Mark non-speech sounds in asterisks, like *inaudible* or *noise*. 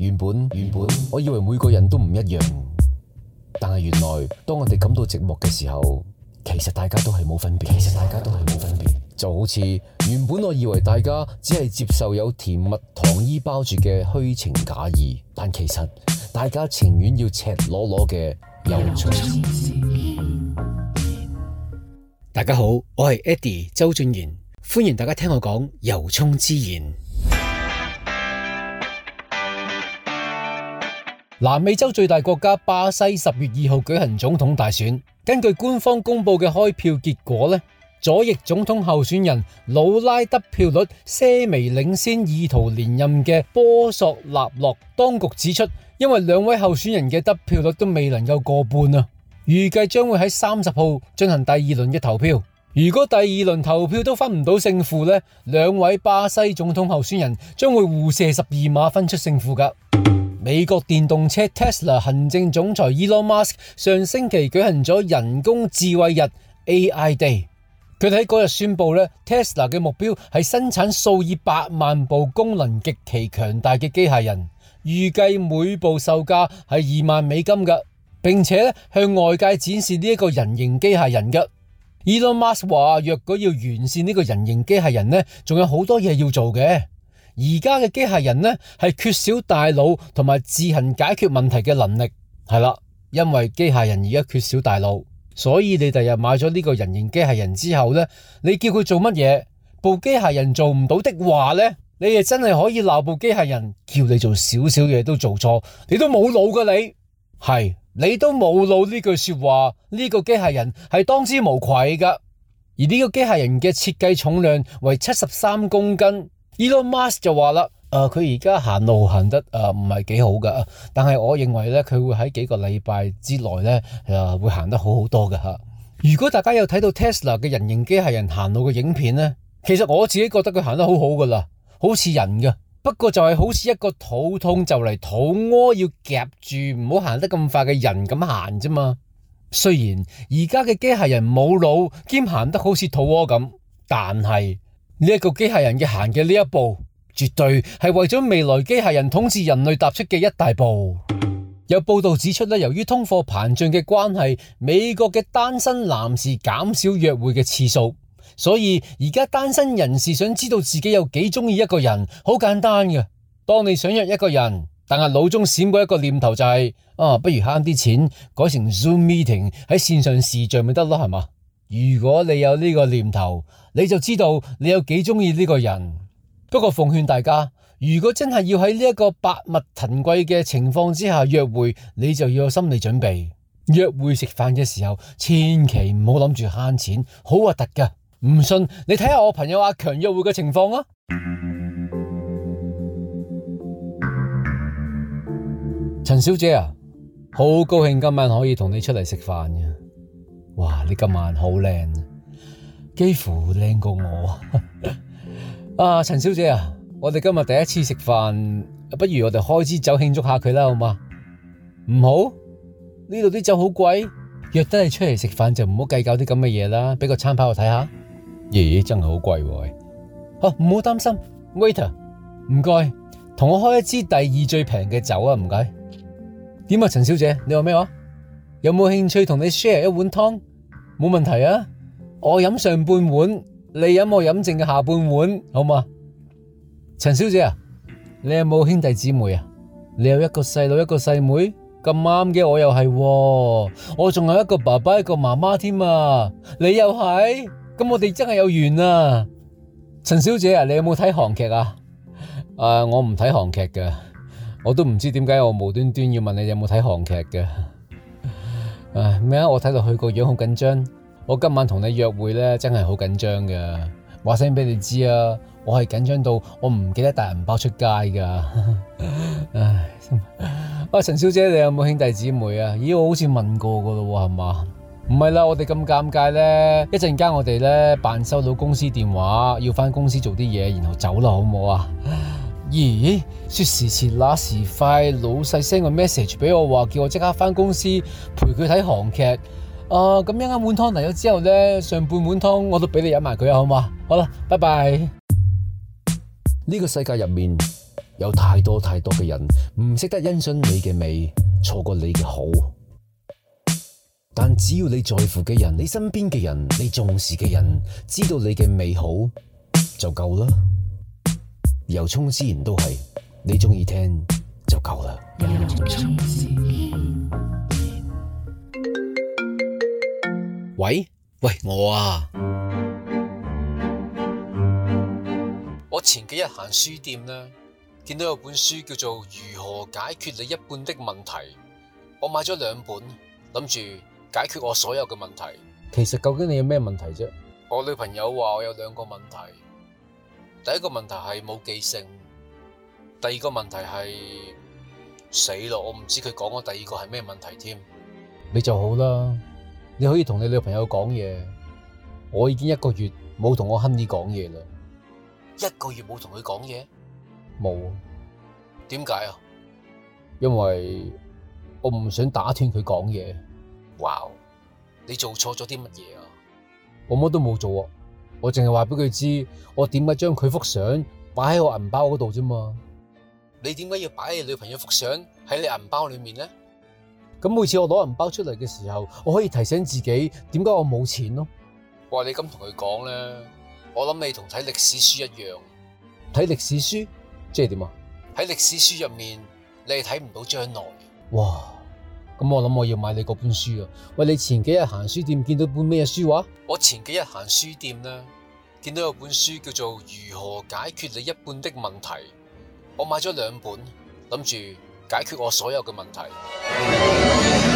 原本原本，原本我以為每個人都唔一樣，但係原來當我哋感到寂寞嘅時候，其實大家都係冇分別。其實大家都係冇分別，就好似原本我以為大家只係接受有甜蜜糖衣包住嘅虛情假意，但其實大家情願要赤裸裸嘅由衷。由衷。嗯嗯，大家好，我係 Eddie 周俊賢，歡迎大家聽我講由衷之言。南美洲最大國家巴西十月二號舉行總統大選，根據官方公布嘅開票結果咧，左翼總統候選人魯拉得票率稍微領先，意圖連任嘅波索納洛，洛當局指出，因為兩位候選人嘅得票率都未能夠過半啊，預計將會喺三十號進行第二輪嘅投票。如果第二輪投票都分唔到勝負咧，兩位巴西總統候選人將會互射十二碼分出勝負噶。美國電動車 Tesla 行政總裁 Elon Musk 上星期舉行咗人工智慧日 AI Day，佢喺嗰日宣布咧，Tesla 嘅目標係生產數以百萬部功能極其強大嘅機械人，預計每部售價係二萬美金㗎，並且咧向外界展示呢一個人形機械人嘅。Elon Musk 話若果要完善呢個人形機械人咧，仲有好多嘢要做嘅。而家嘅機械人呢，係缺少大腦同埋自行解決問題嘅能力，係啦，因為機械人而家缺少大腦，所以你第日買咗呢個人形機械人之後呢，你叫佢做乜嘢，部機械人做唔到的話呢，你誒真係可以鬧部機械人，叫你做少少嘢都做錯，你都冇腦噶你，係你都冇腦呢句說話，呢個機械人係當之無愧噶，而呢個機械人嘅設計重量為七十三公斤。Elon Musk 就話啦，誒、呃，佢而家行路行得誒唔係幾好噶，但係我認為咧，佢會喺幾個禮拜之內咧，誒、呃，會行得好好多嘅吓。如果大家有睇到 Tesla 嘅人形機械人行路嘅影片咧，其實我自己覺得佢行得好好噶啦，好似人嘅，不過就係好似一個肚痛就嚟肚屙要夾住唔好行得咁快嘅人咁行啫嘛。雖然而家嘅機械人冇腦兼行得好似肚屙咁，但係。呢一個機械人嘅行嘅呢一步，絕對係為咗未來機械人統治人類踏出嘅一大步。有報道指出咧，由於通貨膨脹嘅關係，美國嘅單身男士減少約會嘅次數。所以而家單身人士想知道自己有幾鍾意一個人，好簡單嘅。當你想約一個人，但係腦中閃，閃過一個念頭就係、是，啊，不如慳啲錢，改成 Zoom meeting 喺線上視像咪得咯，係嘛？如果你有呢個念頭，你就知道你有幾鍾意呢個人。不過奉勸大家，如果真係要喺呢一個百物騰貴嘅情況之下約會，你就要有心理準備。約會食飯嘅時候，千祈唔好諗住慳錢，好核突噶！唔信你睇下我朋友阿強約會嘅情況啦。陳 *music* 小姐啊，好高興今晚可以同你出嚟食飯啊！哇！你今晚好靚，幾乎靚過我 *laughs* 啊！陳小姐啊，我哋今日第一次食飯，不如我哋開支酒慶祝下佢啦，好嘛？唔好？呢度啲酒好貴，約得你出嚟食飯就唔好計較啲咁嘅嘢啦。俾個餐牌我睇下，咦，真係好貴喎！好、啊，唔好擔心，waiter，唔該，同我開一支第二最平嘅酒啊，唔該。點啊，陳小姐，你話咩話？有冇興趣同你 share 一碗湯？冇問題啊！我飲上半碗，你飲我飲剩嘅下半碗，好嘛？陳小姐啊，你有冇兄弟姊妹啊？你有一個細佬一個細妹，咁啱嘅，我又係喎，我仲有一個爸爸一個媽媽添啊！你又係，咁我哋真係有緣啊！陳小姐啊，你有冇睇韓劇啊？誒，我唔睇韓劇嘅，我都唔知點解我無端端要問你有冇睇韓劇嘅。唉，咩啊？我睇到佢個樣好緊張。我今晚同你約會呢，真係好緊張噶。話聲俾你知啊，我係緊張到我唔記得帶銀包出街噶。唉，哇，陳小姐你有冇兄弟姊妹啊？咦，我好似問過噶啦，係嘛？唔係啦，我哋咁尷尬陣呢。一陣間我哋呢，扮收到公司電話，要返公司做啲嘢，然後走啦，好唔好啊？咦？說時遲那時快，老細 send 個 message 俾我話，叫我即刻返公司陪佢睇韓劇。啊、呃，咁一羹碗湯嚟咗之後呢，上半碗湯我都俾你飲埋佢，好唔好啊？好啦，拜拜。呢個世界入面有太多太多嘅人唔識得欣賞你嘅美，錯過你嘅好。但只要你在乎嘅人，你身邊嘅人，你重視嘅人知道你嘅美好就夠啦。由衷之言都係，你中意聽就夠啦。由衷之言。喂喂，我啊，我前幾日行書店呢，見到有本書叫做《如何解決你一半的問題》，我買咗兩本，諗住解決我所有嘅問題。其實究竟你有咩問題啫？我女朋友話我有兩個問題。第一個問題係冇記性，第二個問題係死咯，我唔知佢講嘅第二個係咩問題添。你就好啦，你可以同你女朋友講嘢。我已經一個月冇同我 Honey 講嘢啦，一個月冇同佢講嘢？冇啊，點解啊？因為我唔想打斷佢講嘢。哇，wow, 你做錯咗啲乜嘢啊？我乜都冇做啊。我淨係話俾佢知，我點解將佢幅相擺喺我銀包嗰度啫嘛？你點解要擺你女朋友幅相喺你銀包裏面咧？咁每次我攞銀包出嚟嘅時候，我可以提醒自己點解我冇錢咯。我話你咁同佢講咧，我諗你同睇歷史書一樣，睇歷史書即係點啊？喺歷史書入面，你係睇唔到將來。哇！咁我諗我要買你嗰本書啊！喂，你前幾日行書店見到本咩書話？我前幾日行書店咧，見到有本書叫做《如何解決你一半的問題》，我買咗兩本，諗住解決我所有嘅問題。